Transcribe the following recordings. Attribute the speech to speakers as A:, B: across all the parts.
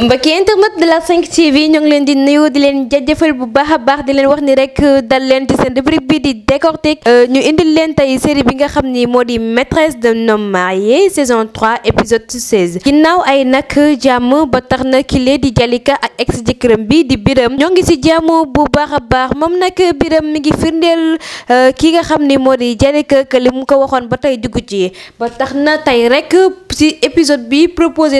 A: mbokki internet de la 5 TV ñu ngi leen di nuyu di leen jajëfal bu baax a baax di leen wax ni rek dal leen ci seen rubrique bi di décortique euh, ñu indil leen tey série bi nga xam ni moo di maîtresse d'un homme marié saison 3 épisode 16 ginnaaw ay nag jàmm ba tax na kile di Jalika ak ex jëkkëram bi di Biram ñoo ngi si jàmm bu baax a baax moom nag Biram mi ngi firndeel euh, ki nga xam ni moo di Jalika que li mu ko waxoon ba tey dugg ci ba tax na tey rek si bi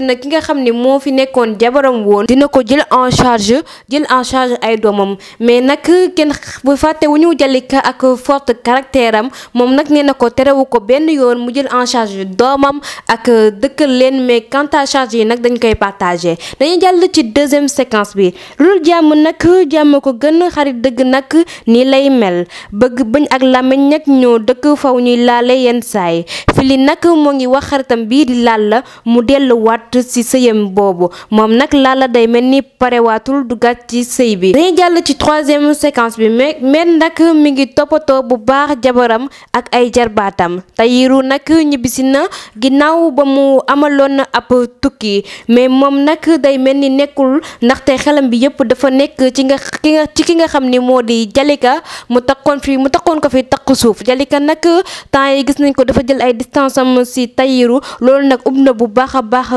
A: na ki nga xam ni moo fi nekkoon jabaram won dina ko jël en charge jël en charge ay domam mais nak ken bu faté wuñu ñu ak forte caractère am moom nag nee na ko terewu ko ben yoon mu jël en charge domam ak dëkkal len mais quant à charge yi nag dañ koy partager dañu jàll ci deuxième séquence bi loolu jàmm nak jàmm ko gën xarit deug nak ni lay mel bëgg bañ ak làmmiñ nak ñoo dëkk faw ñuy laale yeen say fili nak mo ngi wax xaritam bi di laal la mu wat ci sëyam bobu mom Nak lala Lalla day mel ni parewaatul dugaat ci sëy bi dañuy jàll ci troisième séquence bi men mi ngi bu baax jabaram ak ay jarbaatam Tahirou nag ñibbisi na ginnaaw ba mu amaloon ab tukki mais moom nag day mel ni cinga ndaxte xelam bi dafa ci nga ci ki nga Jalika mu takkoon fi mu takkoon ko fi suuf Jalika nak temps gis nañ ko dafa jël ay distance am si Tahirou loolu nak ub bu baax a baax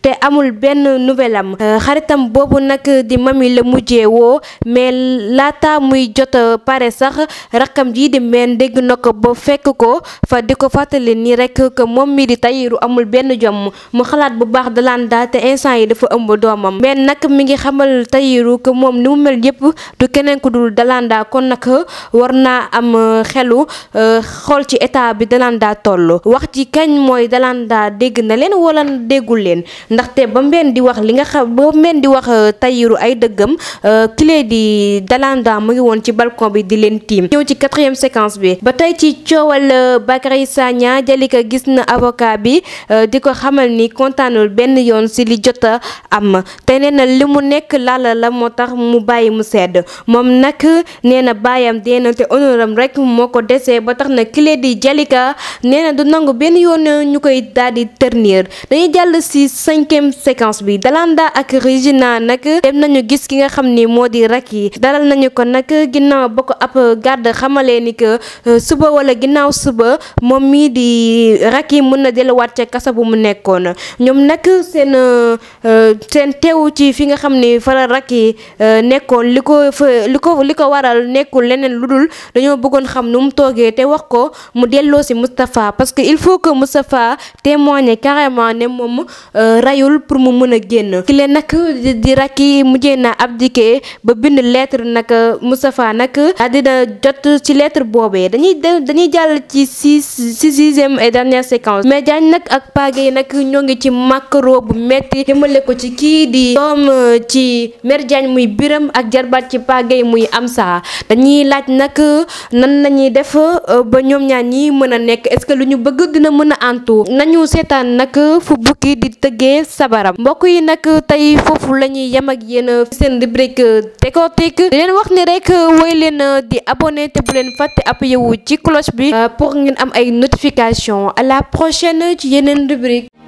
A: te amul benn nouvelle am euh, xaritam boobu nag di mami la mujjee woo mais laata muy jot pare sax rakkam jii di meen dégg na ko ba fekk ko fa di ko fàttali nii rek que moom mi di tayiru amul benn jomm mu xalaat bu baax dalaan daal te instant yi dafa ëmb doomam nag mi ngi xamal tayiru que moom ni mu mel yëpp du keneen ku dul dalandaa kon nag war naa am xelu euh, xool ci état bi dalanda toll wax ci kañ mooy dalanda dégg na leen wala déggul leen ndaxte bam meen di wax li nga xam boo meen di wax euh, Tahirou ay dëggam euh, kile di Dalanda mu ngi woon ci balcon bi di leen tiim ñëw ci quatrième séquence bi ba tey ci coowal euh, Bakary Sagna Jalika gis na avocat bi di ko xamal ni kontaanul benn yoon si li jot a am te nee na li mu nekk laala la moo tax mu bàyyi mu sedd moom nag nee na baayam dee na te honoram rek moo ko desee ba tax na kile di Jalika nee na du nangu benn yoon ñu koy daal di dañuy jàll si cinquième séquence bi Dalanda ak Regina nag dem nañu gis ki nga xam ni moo di Racky dalal nañu ko nag ginnaaw ba ko ab garde xamalee ni que euh, suba wala ginnaaw suba moom mii di Racky mën na delluwaat ca kaso bu mu nekkoon ñoom nag seen euh, seen teewu ci fi nga xam ni faral Racky euh, nekkoon li ko li ko li ko waral nekkul leneen lu dul dañoo bëggoon xam mu toogee te wax ko si Moustapha parce que il faut que Moustapha témoigne carrément ne moom rayul pour mu mën a génn ki leen nag di Racky mujjee na abdiquer ba bind lettre nag Moustapha nag addina jot ci lettre boobee dañuy dañuy jàll ci six sixième et dernière séquence mais Diagne nag ak Pagé nag ñoo ngi ci macro bu metti jëmale ko ci kii di doom ci mère Diagne muy Biram ak jarbaat ci Pagé muy am Amsa dañuy laaj nag nan lañuy def ba ñoom ñaar ñi mën a nekk est-ce que lu ñu bëgg dina mën a antu nañu seetaan nag fu bukki di tëggee sabaram mbokk yi nag tey foofu la ñuy yem ak yéen euh, seen rubrique euh, décortique di leen wax ni rek euh, woy leen di abonné te bu leen fàtte appuyé wu ci cloche bi pour ngeen am ay notification à la prochaine ci yeneen rubrique